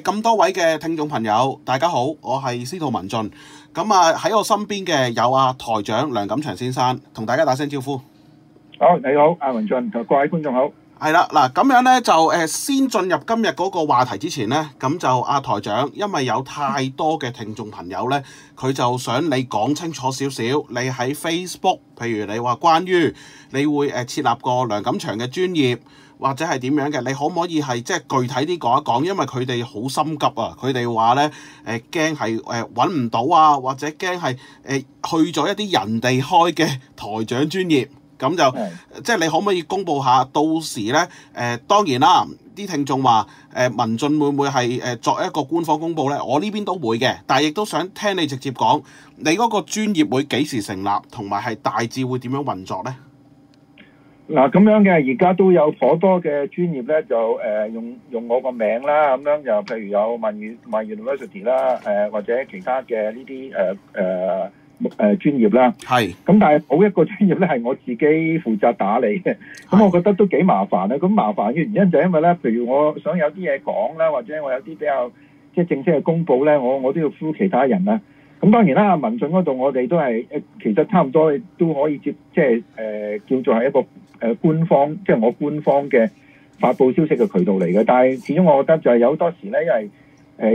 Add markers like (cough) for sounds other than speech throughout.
咁、呃、多位嘅聽眾朋友，大家好，我係司徒文進。咁啊喺我身邊嘅有阿、啊、台長梁錦祥先生，同大家打聲招呼。好，你好，阿文進，各位觀眾好。係啦，嗱，咁樣呢，就誒，先進入今日嗰個話題之前呢，咁就阿、啊、台長，因為有太多嘅聽眾朋友呢，佢就想你講清楚少少，你喺 Facebook，譬如你話關於你會誒設立個梁錦祥嘅專業。或者係點樣嘅？你可唔可以係即係具體啲講一講？因為佢哋好心急啊！佢哋話咧誒驚係誒搵唔到啊，或者驚係誒去咗一啲人哋開嘅台長專業，咁就的即係你可唔可以公佈下到時咧誒、呃。當然啦，啲聽眾話誒文進會唔會係誒、呃、作一個官方公佈咧，我呢邊都會嘅，但係亦都想聽你直接講你嗰個專業會幾時成立，同埋係大致會點樣運作咧？嗱咁樣嘅，而家都有好多嘅專業咧，就誒、呃、用用我個名啦，咁樣就譬如有文進文進 University 啦，誒、呃、或者其他嘅呢啲誒誒誒專業啦。係是。咁但係好一個專業咧係我自己負責打理嘅，咁是我覺得都幾麻煩啊！咁麻煩嘅原因就因為咧，譬如我想有啲嘢講啦，或者我有啲比較即係正式嘅公佈咧，我我都要呼其他人啦。咁當然啦，文進嗰度我哋都係誒，其實差唔多都可以接，即係誒、呃、叫做係一個。誒、呃、官方即係我官方嘅發布消息嘅渠道嚟嘅，但係始終我覺得就係有多時咧，因為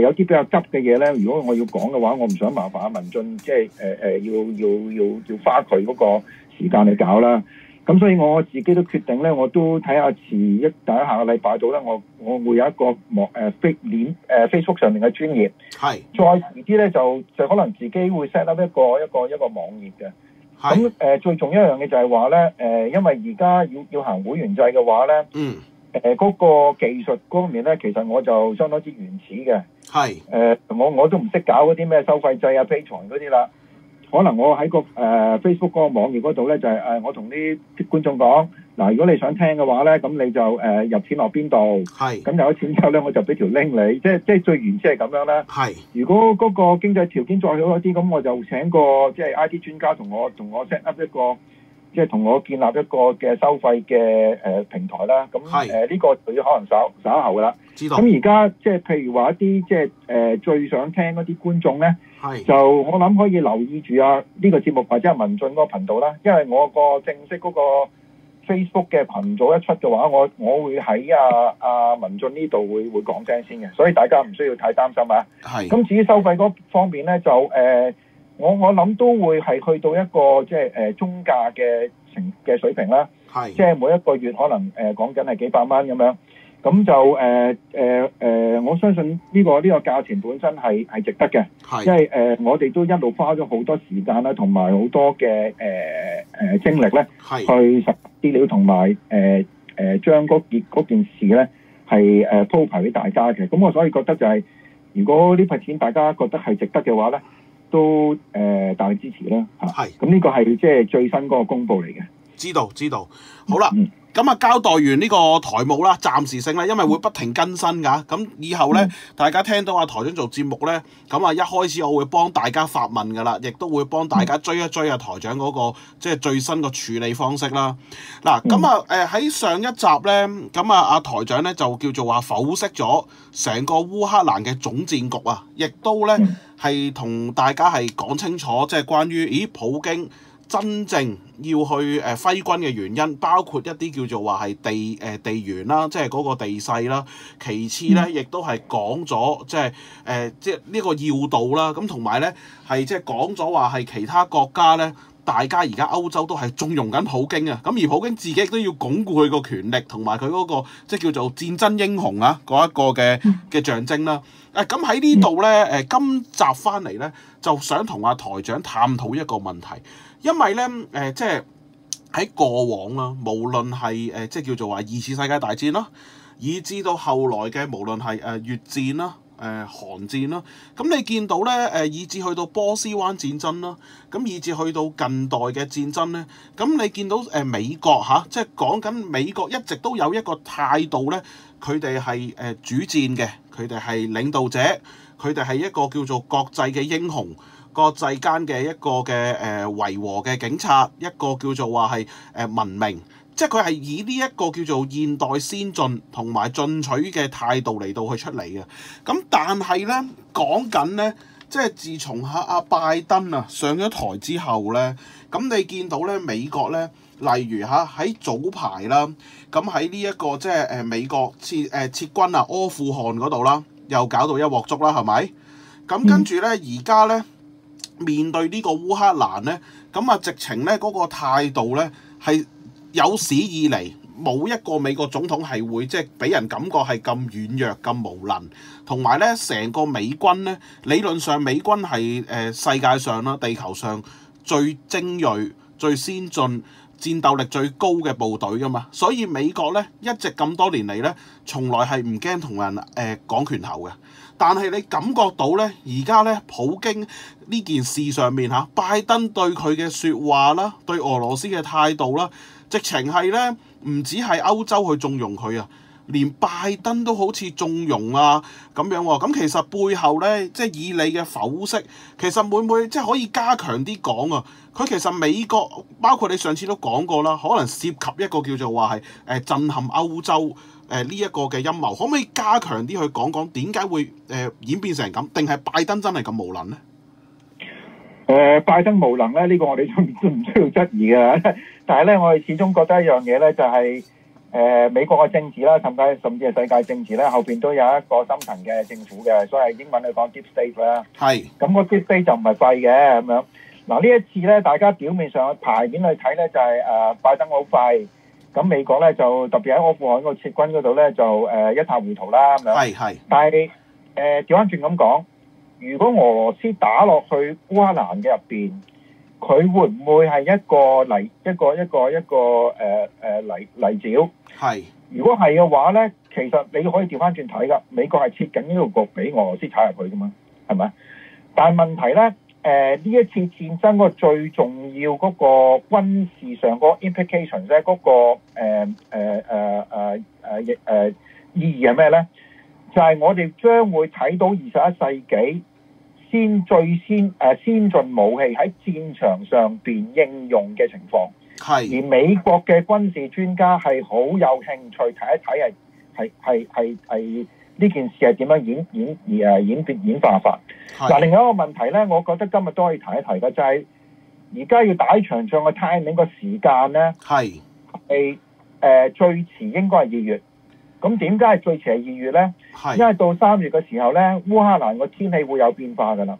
誒有啲比較急嘅嘢咧，如果我要講嘅話，我唔想麻煩阿文進，即係誒誒要要要要花佢嗰個時間去搞啦。咁所以我自己都決定咧，我都睇下遲一等下個禮拜到咧，我我會有一個網誒 face 臉 Facebook 上面嘅專頁，係是再遲啲咧就就可能自己會 set up 一個一個一個,一個網頁嘅。咁誒是、呃、最重要一樣嘢就係話咧，誒、呃、因為而家要要行會員制嘅話咧，嗯、呃，誒、那、嗰個技術嗰方面咧，其實我就相當之原始嘅，係是，誒、呃、我我都唔識搞嗰啲咩收費制啊、Patreon 嗰啲啦。可能我喺個誒、呃、Facebook 嗰個網頁嗰度咧，就係、是、誒、呃、我同啲觀眾講，嗱，如果你想聽嘅話咧，咁你就誒、呃、入錢落邊度，咁是有咗錢之後咧，我就俾條 link 你，即係即係最原始係咁樣啦。是如果嗰個經濟條件再好一啲，咁我就請個即係 IT 專家同我同我 set up 一個。即係同我建立一個嘅收費嘅誒平台啦，咁誒呢個佢可能稍稍後噶啦。知道。咁而家即係譬如話一啲即係誒、呃、最想聽嗰啲觀眾咧，是就我諗可以留意住啊呢、這個節目或者係文進嗰個頻道啦，因為我個正式嗰個 Facebook 嘅頻道一出嘅話，我我會喺啊阿、啊、文進呢度會會講聲先嘅，所以大家唔需要太擔心啊。係是。咁至於收費嗰方面咧，就誒。呃我我諗都會係去到一個即係誒、呃、中價嘅成嘅水平啦，係是即係每一個月可能誒講緊係幾百蚊咁樣，咁就誒誒誒，我相信呢、這個呢、這個價錢本身係係值得嘅，係是因為誒、呃、我哋都一路花咗好多時間啦，同埋好多嘅誒誒精力咧，是去實資料同埋誒誒將嗰件件事咧係誒鋪排俾大家嘅，咁我所以覺得就係、是、如果呢筆錢大家覺得係值得嘅話咧。都誒大力支持啦吓，係咁呢個係即係最新嗰個公布嚟嘅，知道知道，好啦嗯。了咁啊，交代完呢個台務啦，暫時性啦，因為會不停更新㗎。咁以後呢，大家聽到阿台長做節目呢，咁啊，一開始我會幫大家發問㗎啦，亦都會幫大家追一追啊，台長嗰個即係最新個處理方式啦。嗱、嗯，咁啊，誒喺上一集呢，咁啊，阿台長呢就叫做話剖析咗成個烏克蘭嘅總戰局啊，亦都呢係同大家係講清楚，即係關於咦普京。真正要去誒揮軍嘅原因，包括一啲叫做話係地誒、呃、地緣啦，即係嗰個地勢啦。其次咧，亦都係講咗即係誒、呃、即係呢一個要道啦。咁同埋咧，係即係講咗話係其他國家咧，大家而家歐洲都係縱容緊普京啊。咁而普京自己都要鞏固佢個權力同埋佢嗰個即係叫做戰爭英雄啊嗰一個嘅嘅、嗯、象徵啦。誒咁喺呢度咧，誒今集翻嚟咧，就想同阿台長探討一個問題。因為咧，誒、呃、即係喺過往啊，無論係誒即係叫做話二次世界大戰啦，以至到後來嘅無論係誒越戰啦、誒、呃、韓戰啦，咁你見到咧，誒以至去到波斯灣戰爭啦，咁以至去到近代嘅戰爭咧，咁你見到誒美國嚇、啊，即係講緊美國一直都有一個態度咧，佢哋係誒主戰嘅，佢哋係領導者，佢哋係一個叫做國際嘅英雄。國際間嘅一個嘅誒、呃、維和嘅警察，一個叫做話係誒文明，即係佢係以呢一個叫做現代先進同埋進取嘅態度嚟到去出嚟嘅。咁但係呢，講緊呢，即係自從嚇、啊、阿、啊、拜登啊上咗台之後呢，咁、嗯、你見到呢美國呢，例如嚇、啊、喺早排啦，咁喺呢一個即係誒美國撤誒撤軍啊，柯富汗嗰度啦，又搞到一鑊粥啦，係、嗯、咪？咁跟住呢，而家呢。面對呢個烏克蘭呢，咁啊直情呢嗰個態度呢，係有史以嚟冇一個美國總統係會即係俾人感覺係咁軟弱咁無能，同埋呢，成個美軍呢，理論上美軍係誒、呃、世界上啦地球上最精鋭最先進，戰鬥力最高嘅部隊㗎嘛，所以美國咧一直咁多年嚟咧，從來係唔驚同人誒、呃、講拳頭嘅。但係你感覺到咧，而家咧普京呢件事上面嚇，拜登對佢嘅説話啦，對俄羅斯嘅態度啦，直情係咧唔止係歐洲去縱容佢啊！連拜登都好似縱容啊咁樣喎、啊，咁其實背後呢，即係以你嘅剖析，其實會唔會即係可以加強啲講啊？佢其實美國包括你上次都講過啦，可能涉及一個叫做話係誒震撼歐洲誒呢一個嘅陰謀，可唔可以加強啲去講講點解會誒、呃、演變成咁？定係拜登真係咁無能呢、呃？拜登無能呢，呢、呢個我哋都唔需要質疑嘅。但係呢，我哋始終覺得一樣嘢呢，就係、係。誒、呃、美國嘅政治啦，甚至甚至係世界政治咧，後邊都有一個深層嘅政府嘅，所以英文去講 deep state 啦是。係。咁個 deep state 就唔係廢嘅咁樣。嗱、啊、呢一次咧，大家表面上嘅牌面去睇咧，就係誒拜登好廢。咁美國咧就特別喺阿富汗嗰個撤軍嗰度咧就誒、呃、一塌糊塗啦咁樣。係係。但係你誒調翻轉咁講，如果俄羅斯打落去烏克蘭嘅入邊？佢會唔會係一個泥一個一個一個誒誒、呃呃、泥泥沼？係是。如果係嘅話咧，其實你可以調翻轉睇㗎。美國係設緊呢個局俾俄羅斯踩入去㗎嘛，係咪？但係問題咧，誒、呃、呢一次戰爭嗰個最重要嗰個軍事上嗰、嗰個 implications 咧，嗰個誒誒誒誒誒意義係咩咧？就係、是、我哋將會睇到二十一世紀。先最先誒先進武器喺戰場上邊應用嘅情況，係而美國嘅軍事專家係好有興趣睇一睇係係係係係呢件事係點樣演演而誒演變演，演化法。嗱，另外一個問題咧，我覺得今日都可以提一提嘅就係而家要打一場仗嘅 timing 個時間咧係誒誒最遲應該係二月。咁點解係最遲係二月咧？是因為到三月嘅時候咧，烏克蘭個天氣會有變化噶啦。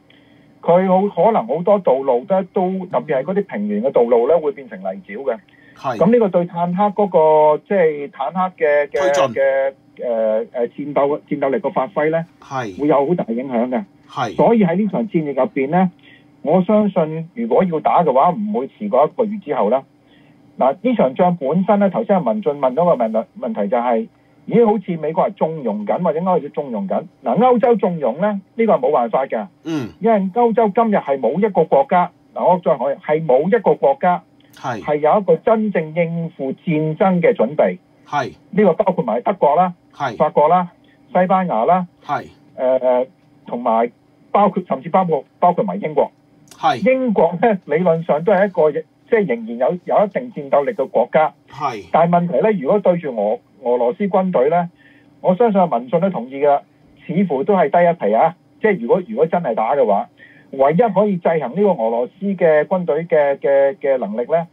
佢好可能好多道路都都特別係嗰啲平原嘅道路咧，會變成泥沼嘅。係咁呢個對坦克嗰、那個即係、就是、坦克嘅嘅嘅誒誒戰鬥戰鬥力嘅發揮咧，係是會有好大影響嘅。係是所以喺呢場戰役入邊咧，我相信如果要打嘅話，唔會遲過一個月之後啦。嗱，呢場仗本身咧，頭先阿文進問咗個問問問題就係、是。已經好似美國係縱容緊，或者歐洲縱容緊。嗱，歐洲縱容咧，呢個係冇辦法嘅。嗯，因為歐洲今日係冇一個國家，嗱，我再可以係冇一個國家係係有一個真正應付戰爭嘅準備。係呢是個包括埋德國啦、是法國啦、西班牙啦。係誒誒，同埋、呃、包括甚至包括包括埋英國。係是英國咧，理論上都係一個即係仍然有有一定戰鬥力嘅國家。係是，但係問題咧，如果對住我俄羅斯軍隊呢，我相信民眾都同意噶，似乎都係低一皮啊！即係如果如果真係打嘅話，唯一可以制衡呢個俄羅斯嘅軍隊嘅嘅嘅能力呢，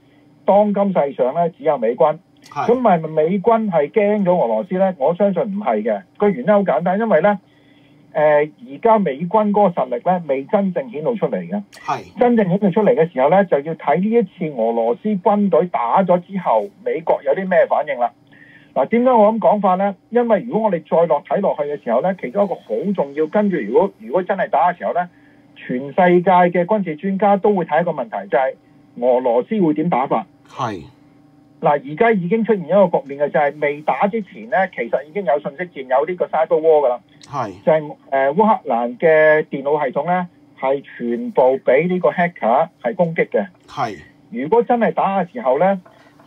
當今世上呢，只有美軍。咁咪是的 美軍係驚咗俄羅斯呢？我相信唔係嘅，個原因好簡單，因為呢，呃、而家美軍嗰個實力呢，未真正顯露出嚟嘅。係是的 真正顯露出嚟嘅時候呢，就要睇呢一次俄羅斯軍隊打咗之後，美國有啲咩反應啦。嗱，點解我咁講法呢？因為如果我哋再落睇落去嘅時候呢，其中一個好重要跟住，如果如果真係打嘅時候呢，全世界嘅軍事專家都會睇一個問題，就係、是、俄羅斯會點打法。係嗱是，而家已經出現一個局面嘅就係、是、未打之前呢，其實已經有信息戰，有呢個 Cyber War 噶啦。係是就係、是、誒、呃，烏克蘭嘅電腦系統呢，係全部俾呢個 Hacker 係攻擊嘅。係是如果真係打嘅時候呢。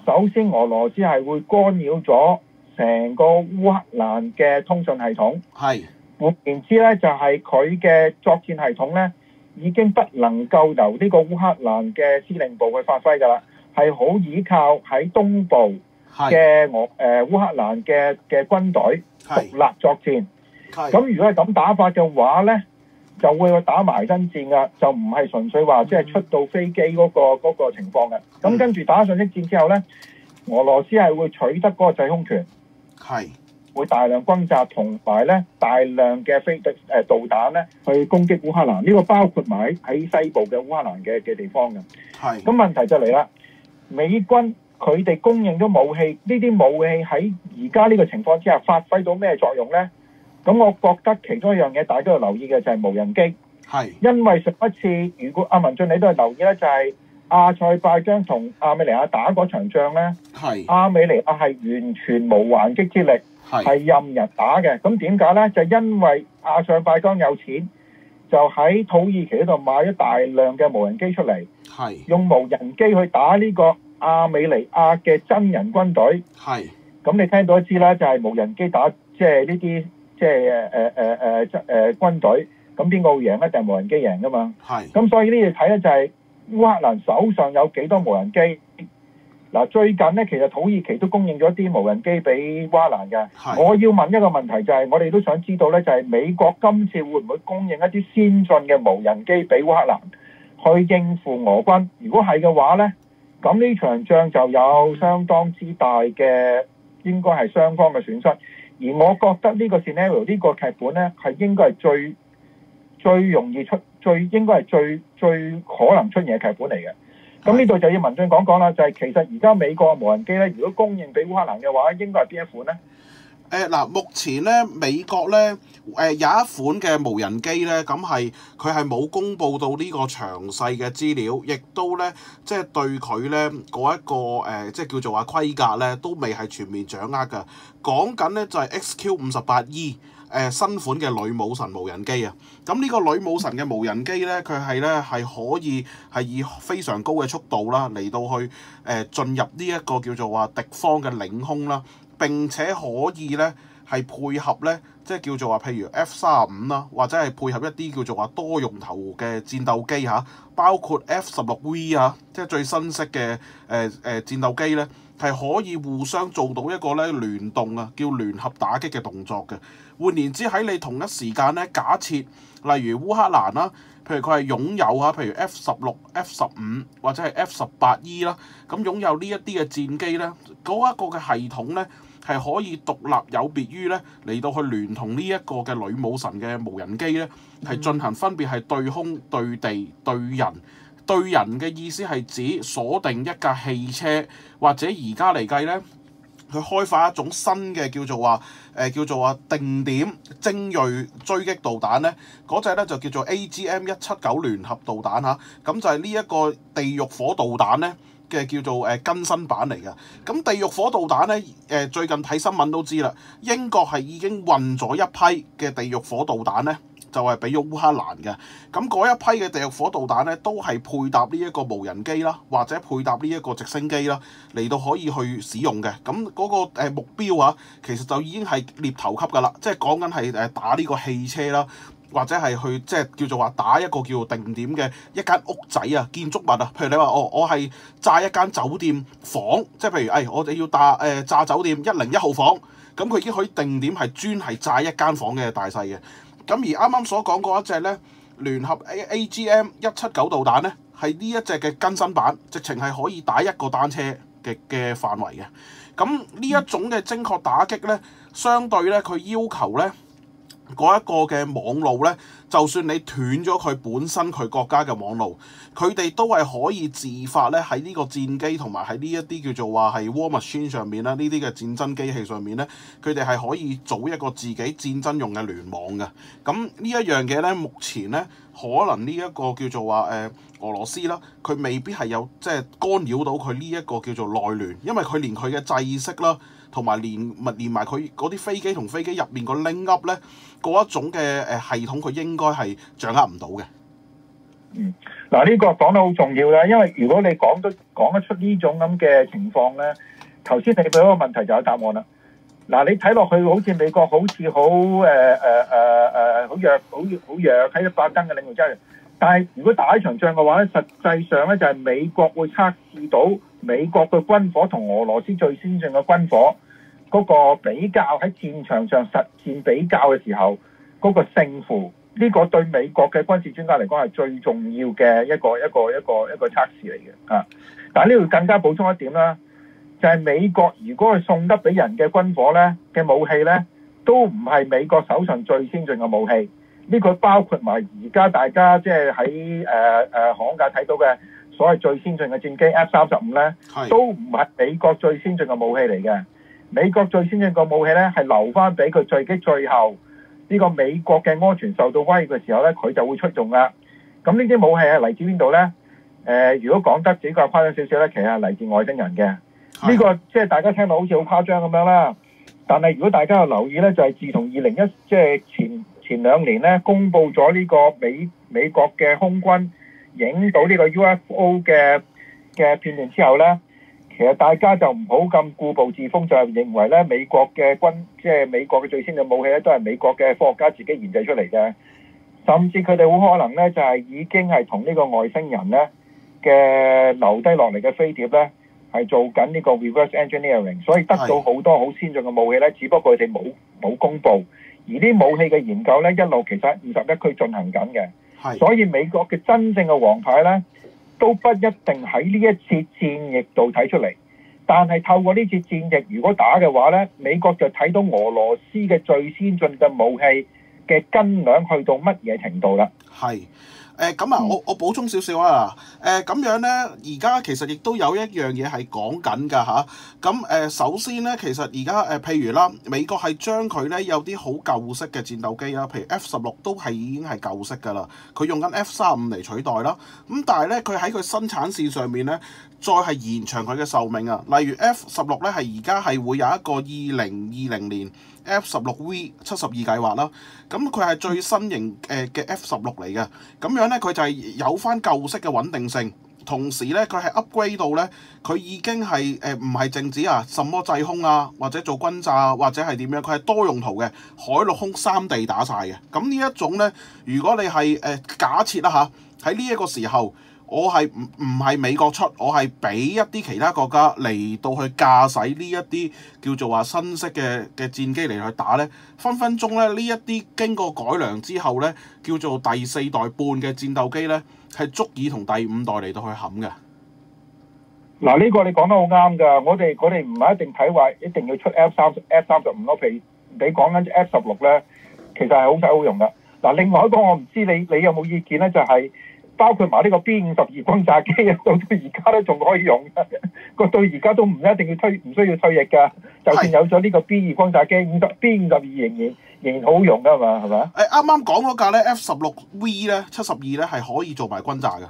首先，俄羅斯係會干擾咗成個烏克蘭嘅通訊系統。係，換言之咧，就係佢嘅作戰系統咧，已經不能夠由呢個烏克蘭嘅司令部去發揮㗎啦，係好倚靠喺東部嘅俄誒烏克蘭嘅嘅軍隊獨立作戰。係，咁如果係咁打法嘅話咧，就會去打埋真戰噶，就唔係純粹話即係出到飛機嗰個嗰個情況嘅。咁跟住打上一戰之後呢，俄羅斯係會取得嗰個制空權，係是會大量轟炸，同埋呢大量嘅飛誒、呃、導彈呢去攻擊烏克蘭。呢個包括埋喺西部嘅烏克蘭嘅嘅地方嘅。係咁是問題就嚟啦，美軍佢哋供應咗武器，呢啲武器喺而家呢個情況之下發揮到咩作用呢？咁我覺得其中一樣嘢大家要留意嘅就係無人機是。係因為上一次如果阿、啊、文進你都係留意咧，就係、是、阿塞拜疆同阿美尼亞打嗰場仗咧，係阿是美尼亞係完全冇還擊之力，係是任人打嘅。咁點解咧？就因為阿塞拜疆有錢，就喺土耳其嗰度買咗大量嘅無人機出嚟，係是用無人機去打呢個阿美尼亞嘅真人軍隊。係咁是你聽到一支咧，就係、是、無人機打即係呢啲。就是即係誒誒誒誒誒軍隊，咁邊個會贏咧？定係無人機贏噶嘛。係是。咁所以呢度睇咧，就係烏克蘭手上有幾多無人機。嗱，最近咧其實土耳其都供應咗啲無人機俾烏克蘭嘅。是我要問一個問題就係、是，我哋都想知道咧，就係美國今次會唔會供應一啲先進嘅無人機俾烏克蘭去應付俄軍？如果係嘅話咧，咁呢場仗就有相當之大嘅，應該係雙方嘅損失。而我覺得呢個 scenario 呢個劇本呢，係應該係最最容易出、最應該係最最可能出現嘅劇本嚟嘅。咁呢度就要文進講講啦，就係、是、其實而家美國嘅無人機呢，如果供應俾烏克蘭嘅話，應該係邊一款呢？誒嗱，目前咧美國咧，誒有一款嘅無人機咧，咁係佢係冇公布到呢個詳細嘅資料，亦都咧即係對佢咧嗰一個誒、呃，即係叫做話規格咧，都未係全面掌握嘅。講緊咧就係 XQ 五十八 E 新款嘅女武神無人機啊！咁呢個女武神嘅無人機咧，佢係咧係可以係以非常高嘅速度啦，嚟到去誒、呃、進入呢一個叫做話敵方嘅領空啦。並且可以咧係配合咧，即係叫做話，譬如 F 三十五啦，或者係配合一啲叫做話多用途嘅戰鬥機嚇，包括 F 十六 V 啊，即係最新式嘅誒誒戰鬥機咧。係可以互相做到一個咧聯動啊，叫聯合打擊嘅動作嘅。換言之喺你同一時間咧，假設例如烏克蘭啦，譬如佢係擁有嚇，譬如 F 十六、F 十五或者係 F 十八 E 啦，咁擁有呢一啲嘅戰機咧，嗰一個嘅系統咧係可以獨立有別於咧嚟到去聯同呢一個嘅女武神嘅無人機咧，係進行分別係對空、對地、對人。對人嘅意思係指鎖定一架汽車，或者而家嚟計呢，佢開發一種新嘅叫做話，誒、呃、叫做話定點精鋭追擊導彈，呢嗰隻呢就叫做 AGM 一七九聯合導彈嚇，咁就係呢一個地獄火導彈呢嘅叫做誒、呃、更新版嚟嘅，咁地獄火導彈呢，誒、呃、最近睇新聞都知啦，英國係已經運咗一批嘅地獄火導彈呢。就係俾烏克蘭嘅咁嗰一批嘅地獄火導彈咧，都係配搭呢一個無人機啦，或者配搭呢一個直升機啦，嚟到可以去使用嘅。咁嗰個誒目標啊，其實就已經係獵頭級噶啦，即係講緊係誒打呢個汽車啦，或者係去即係叫做話打一個叫做定點嘅一間屋仔啊，建築物啊。譬如你話哦，我係炸一間酒店房，即係譬如誒、哎，我哋要炸誒炸酒店一零一號房，咁佢已經可以定點係專係炸一間房嘅大細嘅。咁而啱啱所講過一隻咧，聯合 AGM 一七九導彈咧，係呢一隻嘅更新版，直情係可以打一個單車嘅嘅範圍嘅。咁呢一種嘅精確打擊咧，相對咧佢要求咧。嗰一個嘅網路咧，就算你斷咗佢本身佢國家嘅網路，佢哋都係可以自發咧喺呢個戰機同埋喺呢一啲叫做話係 war machine 上面啦，呢啲嘅戰爭機器上面咧，佢哋係可以做一個自己戰爭用嘅聯網嘅。咁呢一樣嘢咧，目前咧可能呢一個叫做話誒、呃、俄羅斯啦，佢未必係有即係干擾到佢呢一個叫做內聯，因為佢連佢嘅制式啦。同埋連物連埋佢嗰啲飛機同飛機入面個 link up 咧，嗰一種嘅誒系統，佢應該係掌握唔到嘅。嗯，嗱呢個講得好重要啦，因為如果你講都講得出呢種咁嘅情況咧，頭先你俾嗰個問題就有答案啦。嗱，你睇落去好似美國好似好誒誒誒誒好弱好弱好弱喺反登嘅領域真係，但係如果打一場仗嘅話咧，實際上咧就係美國會測試到美國嘅軍火同俄羅斯最先進嘅軍火。嗰個比較喺戰場上實戰比較嘅時候，嗰個勝負呢個對美國嘅軍事專家嚟講係最重要嘅一個一個一個一個測試嚟嘅啊！但係呢度更加補充一點啦，就係美國如果係送得俾人嘅軍火呢嘅武器呢，都唔係美國手上最先進嘅武器。呢個包括埋而家大家即係喺誒誒航界睇到嘅所謂最先進嘅戰機 F 三十五呢，都唔係美國最先進嘅武器嚟嘅。美國最先進個武器咧，係留翻俾佢最激最後，呢個美國嘅安全受到威脅嘅時候咧，佢就會出動啦。咁呢啲武器係嚟自邊度咧？誒，如果講得只夠誇張少少咧，其實係嚟自外星人嘅。呢個即係大家聽到好似好誇張咁樣啦。但係如果大家有留意咧，就係自從二零一即係前前兩年咧，公布咗呢個美美國嘅空軍影到呢個 UFO 嘅嘅片段之後咧。其實大家就唔好咁固步自封，就係認為咧，美國嘅軍，即係美國嘅最先嘅武器咧，都係美國嘅科學家自己研製出嚟嘅。甚至佢哋好可能咧，就係已經係同呢個外星人咧嘅留低落嚟嘅飛碟咧，係做緊呢個 reverse engineering，所以得到好多好先進嘅武器咧。只不過佢哋冇冇公布，而啲武器嘅研究咧，一路其實喺二十一區進行緊嘅。係，所以美國嘅真正嘅王牌咧。都不一定喺呢一次戰役度睇出嚟，但係透過呢次戰役，如果打嘅話咧，美國就睇到俄羅斯嘅最先進嘅武器嘅斤兩去到乜嘢程度啦。係。誒咁啊，我我補充少少啊。誒咁、呃、樣咧，而家其實亦都有一樣嘢係講緊㗎嚇。咁、啊、誒、啊，首先咧，其實而家誒，譬如啦，美國係將佢咧有啲好舊式嘅戰鬥機啦，譬如 F 十六都係已經係舊式㗎啦。佢用緊 F 三五嚟取代啦。咁、啊、但係咧，佢喺佢生產線上面咧。再係延長佢嘅壽命啊！例如 F 十六咧，係而家係會有一個二零二零年 F 十六 V 七十二計劃啦、啊。咁佢係最新型誒嘅、呃、F 十六嚟嘅。咁樣咧，佢就係有翻舊式嘅穩定性，同時咧，佢係 upgrade 到咧，佢已經係誒唔係淨止啊，什麼制空啊，或者做轟炸啊，或者係點樣，佢係多用途嘅，海陸空三地打晒嘅。咁、嗯、呢一種咧，如果你係誒、呃、假設啦嚇，喺呢一個時候。我係唔唔係美國出，我係俾一啲其他國家嚟到去駕駛呢一啲叫做話新式嘅嘅戰機嚟去打呢，分分鐘呢，呢一啲經過改良之後呢，叫做第四代半嘅戰鬥機呢，係足以同第五代嚟到去冚嘅。嗱，呢個你講得好啱㗎，我哋我哋唔係一定睇話一定要出 F 三 F 三十五咯，譬如你講緊 F 十六呢，其實係好使好用㗎。嗱，另外一個我唔知你你有冇意見呢，就係、是。包括埋呢個 B 五十二轟炸機啊，到到而家都仲可以用嘅，個 (laughs) 到而家都唔一定要推，唔需要退役噶。 (laughs) 就算有咗呢個 B 二轟炸機，五十 B 五十二仍然仍然好用噶嘛，係咪？誒啱啱講嗰架咧 F 十六 V 咧七十二咧係可以做埋轟炸嘅。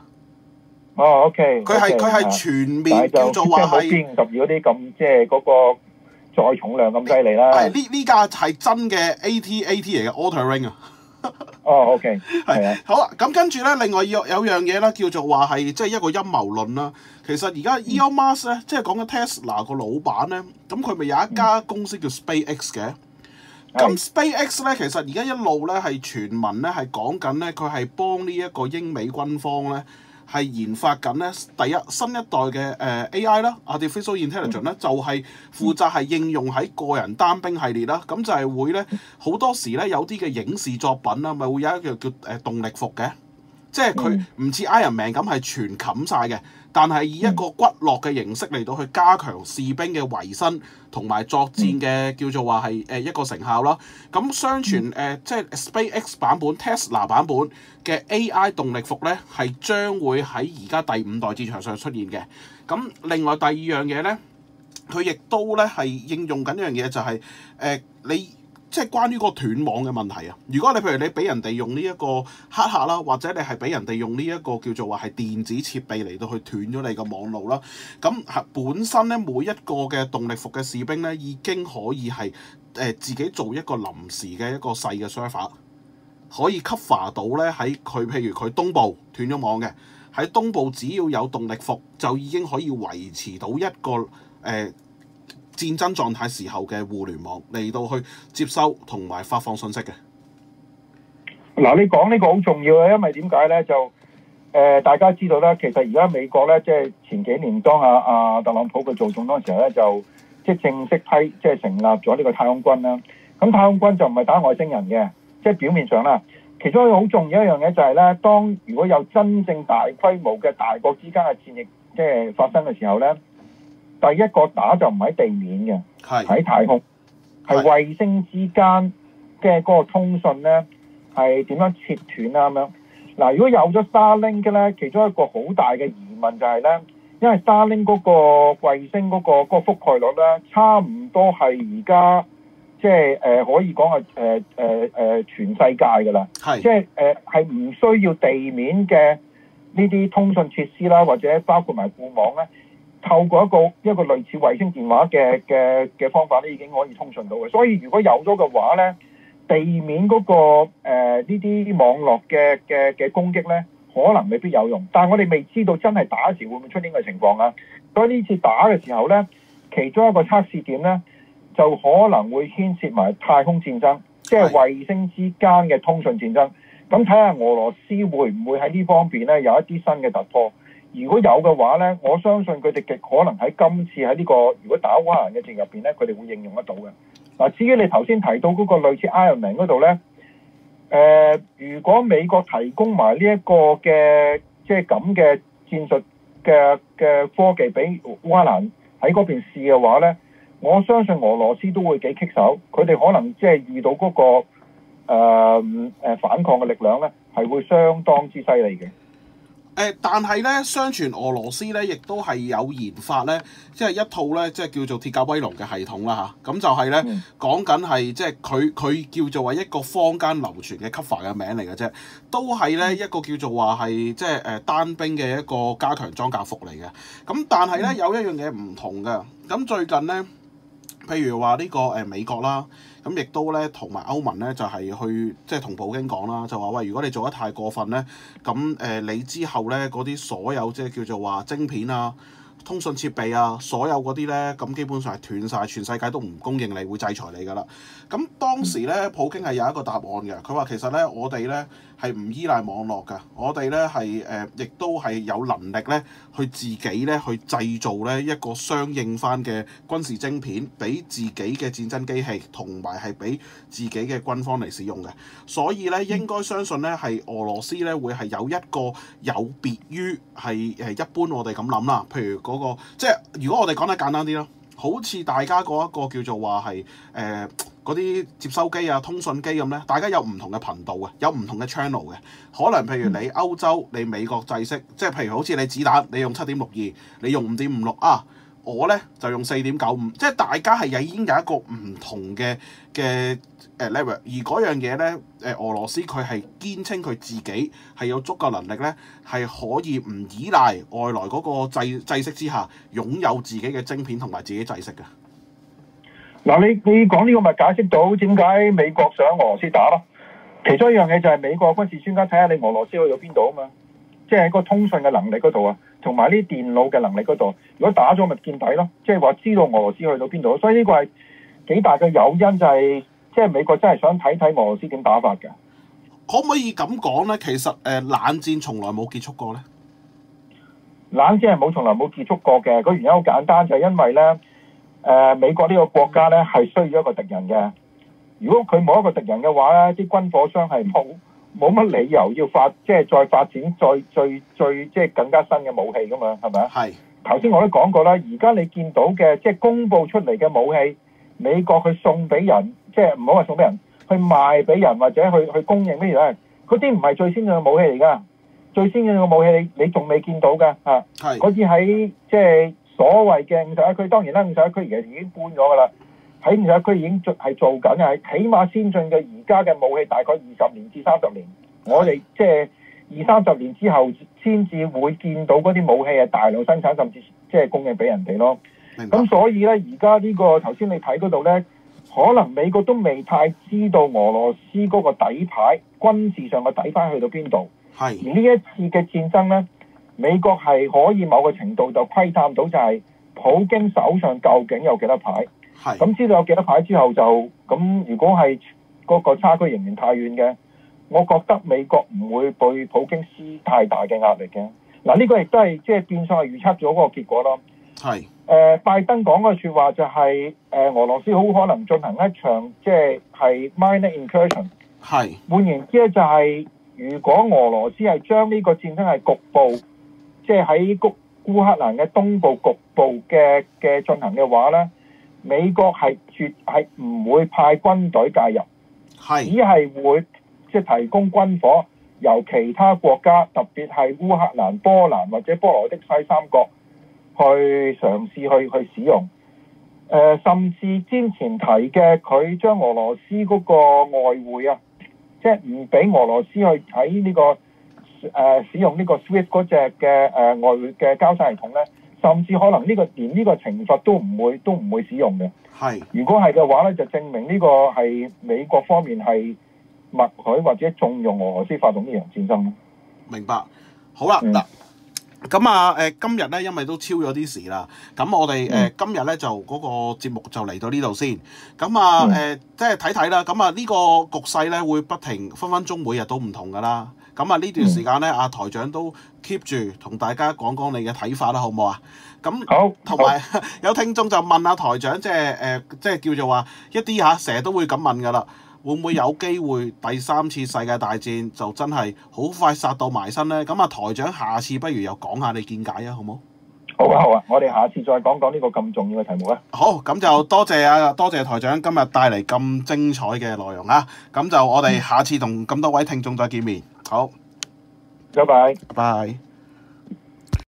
哦、oh,，OK，佢係佢係全面、啊、叫做話係 B 五十二嗰啲咁，即係嗰個載重量咁犀利啦。係呢呢架係真嘅 ATAT 嚟嘅 Auto Ring 啊。Auto 哦、oh,，OK，係啊， (laughs) 好啦，咁跟住咧，另外有有樣嘢咧，叫做話係即係一個陰謀論啦。其實而家 Elon Musk 咧，即係講緊 Tesla 個老闆咧，咁佢咪有一家公司叫 SpaceX 嘅？咁、嗯、SpaceX 咧，其實而家一路咧係傳聞咧，係講緊咧，佢係幫呢一個英美軍方咧。係研發緊咧，第一新一代嘅誒、呃、AI 啦、嗯，我哋 artificial intelligence 咧就係負責係應用喺個人單兵系列啦。咁就係會咧好多時咧有啲嘅影視作品啊，咪會有一個叫誒、呃、動力服嘅，即係佢唔似 Iron Man 咁係全冚晒嘅。但係以一個骨骼嘅形式嚟到去加強士兵嘅維生同埋作戰嘅叫做話係誒一個成效咯。咁相傳誒即係、嗯呃就是、SpaceX 版本、Tesla 版本嘅 AI 動力服咧，係將會喺而家第五代戰場上出現嘅。咁另外第二樣嘢咧，佢亦都咧係應用緊一樣嘢、就是，就係誒你。即係關於個斷網嘅問題啊！如果你譬如你俾人哋用呢一個黑客啦，或者你係俾人哋用呢一個叫做話係電子設備嚟到去斷咗你嘅網路啦，咁本身咧每一個嘅動力服嘅士兵咧已經可以係誒、呃、自己做一個臨時嘅一個細嘅 server，可以 cover 到咧喺佢譬如佢東部斷咗網嘅，喺東部只要有動力服就已經可以維持到一個誒。呃戰爭狀態時候嘅互聯網嚟到去接收同埋發放信息嘅。嗱，你講呢個好重要嘅，因為點解咧？就誒，大家知道咧，其實而家美國咧，即係前幾年當阿阿特朗普佢做總統時候咧，就即係正式批即係成立咗呢個太空軍啦。咁太空軍就唔係打外星人嘅，即係表面上啦。其中一個好重要一樣嘢就係咧，當如果有真正大規模嘅大國之間嘅戰役即係發生嘅時候咧。第一個打就唔喺地面嘅，喺是太空，係是衛星之間嘅嗰個通訊咧，係點樣切斷啊咁樣？嗱，如果有咗 Starlink 咧，其中一個好大嘅疑問就係咧，因為 Starlink 嗰個衛星嗰個嗰個覆蓋率咧，差唔多係而家即係誒可以講係誒誒誒全世界噶啦，是即係誒係唔需要地面嘅呢啲通訊設施啦，或者包括埋固網咧。透過一個一個類似衛星電話嘅嘅嘅方法咧，已經可以通訊到嘅。所以如果有咗嘅話咧，地面嗰個、呃、呢啲網絡嘅嘅嘅攻擊咧，可能未必有用。但係我哋未知道真係打嘅時會唔會出呢個情況啊。所以呢次打嘅時候咧，其中一個測試點咧，就可能會牽涉埋太空戰爭，即係衛星之間嘅通訊戰爭。咁睇下俄羅斯會唔會喺呢方面咧有一啲新嘅突破。如果有嘅話呢，我相信佢哋極可能喺今次喺呢、這個如果打烏克蘭嘅戰入邊呢，佢哋會應用得到嘅。嗱，至於你頭先提到嗰個類似 Iron Man 嗰度呢，誒、呃，如果美國提供埋呢一個嘅即係咁嘅戰術嘅嘅科技俾烏克蘭喺嗰邊試嘅話呢，我相信俄羅斯都會幾棘手。佢哋可能即係遇到嗰、那個誒、呃、反抗嘅力量呢，係會相當之犀利嘅。但係咧，相傳俄羅斯咧，亦都係有研發咧，即係一套咧，即係叫做鐵甲威龍嘅系統啦嚇。咁、啊、就係咧，講緊係即係佢佢叫做話一個坊間流傳嘅 cover 嘅名嚟嘅啫，都係咧、嗯、一個叫做話係即係誒、呃、單兵嘅一個加強裝甲服嚟嘅。咁、啊、但係咧、嗯、有一樣嘢唔同嘅，咁、啊、最近咧。譬如話呢個誒美國啦，咁亦都咧同埋歐盟咧就係去即係同普京講啦，就話喂，如果你做得太過分咧，咁誒你之後咧嗰啲所有即係叫做話晶片啊、通訊設備啊，所有嗰啲咧，咁基本上係斷晒，全世界都唔供應你，會制裁你㗎啦。咁當時咧，普京係有一個答案嘅。佢話其實咧，我哋咧係唔依賴網絡嘅。我哋咧係誒，亦都係有能力咧，去自己咧去製造咧一個相應翻嘅軍事晶片，俾自己嘅戰爭機器同埋係俾自己嘅軍方嚟使用嘅。所以咧，應該相信咧係俄羅斯咧會係有一個有別於係誒一般我哋咁諗啦。譬如嗰個，即係如果我哋講得簡單啲咯。.好似大家嗰一個叫做話係誒嗰啲接收機啊、通訊機咁咧，大家有唔同嘅頻道嘅，有唔同嘅 channel 嘅，可能譬如你歐洲、你美國制式，即係譬如好似你子彈，你用七點六二，你用五點五六啊。我咧就用四點九五，即係大家係已經有一個唔同嘅嘅誒 level，而嗰樣嘢咧誒俄羅斯佢係堅稱佢自己係有足夠能力咧，係可以唔依賴外來嗰個制制式之下擁有自己嘅晶片同埋自己制式嘅。嗱你你講呢個咪解釋到點解美國想俄羅斯打咯？其中一樣嘢就係美國軍事專家睇下你俄羅斯去到邊度啊嘛，即係喺個通訊嘅能力嗰度啊。同埋呢電腦嘅能力嗰度，如果打咗咪見底咯，即係話知道俄羅斯去到邊度，所以呢個係幾大嘅誘因，就係，就係即係美國真係想睇睇俄羅斯點打法嘅。可唔可以咁講呢？其實誒、呃、冷戰從來冇結束過呢？冷戰係冇從來冇結束過嘅，個原因好簡單，就係、係、因為呢誒、呃、美國呢個國家呢係需要一個敵人嘅。如果佢冇一個敵人嘅話呢啲軍火商係唔好。冇乜理由要發即係再發展再最最，最即係更加新嘅武器㗎嘛，係咪啊？係是。頭先我都講過啦，而家你見到嘅即係公佈出嚟嘅武器，美國佢送俾人，即係唔好話送俾人，去賣俾人或者去去供應乜嘢咧？嗰啲唔係最先進嘅武器嚟㗎，最先進嘅武器你你仲未見到㗎嚇。係是。嗰啲喺即係所謂嘅五十一區，當然啦，五十一區而家已經搬咗㗎啦。喺唔少區已經做係做緊嘅，起碼先進嘅而家嘅武器大概二十年至三十年，的我哋即係二三十年之後先至會見到嗰啲武器係大量生產，甚至即係供應俾人哋咯。咁白所以呢，而家呢個頭先你睇嗰度呢，可能美國都未太知道俄羅斯嗰個底牌，軍事上嘅底牌去到邊度？係的。而呢一次嘅戰爭呢，美國係可以某個程度就窺探到就係普京手上究竟有幾多牌。咁是知道有幾多牌之後就咁，如果係嗰個差距仍然太遠嘅，我覺得美國唔會對普京施太大嘅壓力嘅。嗱、啊，呢、這個亦都係即係變相係預測咗嗰個結果咯。係是。誒、呃，拜登講嘅説話就係、是、誒、呃，俄羅斯好可能進行一場即係係 minor incursion。係是。換言之咧、就是，就係如果俄羅斯係將呢個戰爭係局部，即係喺烏烏克蘭嘅東部局部嘅嘅進行嘅話咧。美國係絕係唔會派軍隊介入，係是只係會即係提供軍火，由其他國家，特別係烏克蘭、波蘭或者波羅的西三國去嘗試去去使用。誒、呃，甚至之前提嘅佢將俄羅斯嗰個外匯啊，即係唔俾俄羅斯去喺呢、這個誒、呃、使用呢個 SWIFT 嗰隻嘅誒外匯嘅交收系統咧。甚至可能呢、呢個連呢個懲罰都唔會都唔會使用嘅。係。如果係嘅話咧，就證明呢個係美國方面係默許或者縱容俄，俄羅斯發動呢場戰爭咯。明白。好啦嗱，咁啊誒，今日咧因為都超咗啲時啦，咁我哋誒、呃、今日咧就嗰、嗰個節目就嚟到呢度先。咁啊誒，呃嗯、即係睇睇啦。咁啊呢個局勢咧會不停分分鐘每日都唔同㗎啦。咁啊呢段時間咧，阿、嗯、台長都 keep 住同大家講講你嘅睇法啦，好唔好啊？咁好，同埋有，好 (laughs) 有聽眾就問阿、啊、台長，即係誒、即、呃、係、就是、叫做話一啲吓、成、啊、日都會咁問噶啦，會唔會有機會第三次世界大戰就真係好快殺到埋身咧？咁啊，台長下次不如又講下你見解啊，好唔好？好啊，好啊，我哋下次再講講呢個咁重要嘅題目啊。好，咁就多謝啊，多謝台長今日帶嚟咁精彩嘅內容啊！咁就我哋下次同咁多位聽眾再見面。好，拜拜，oh，拜拜。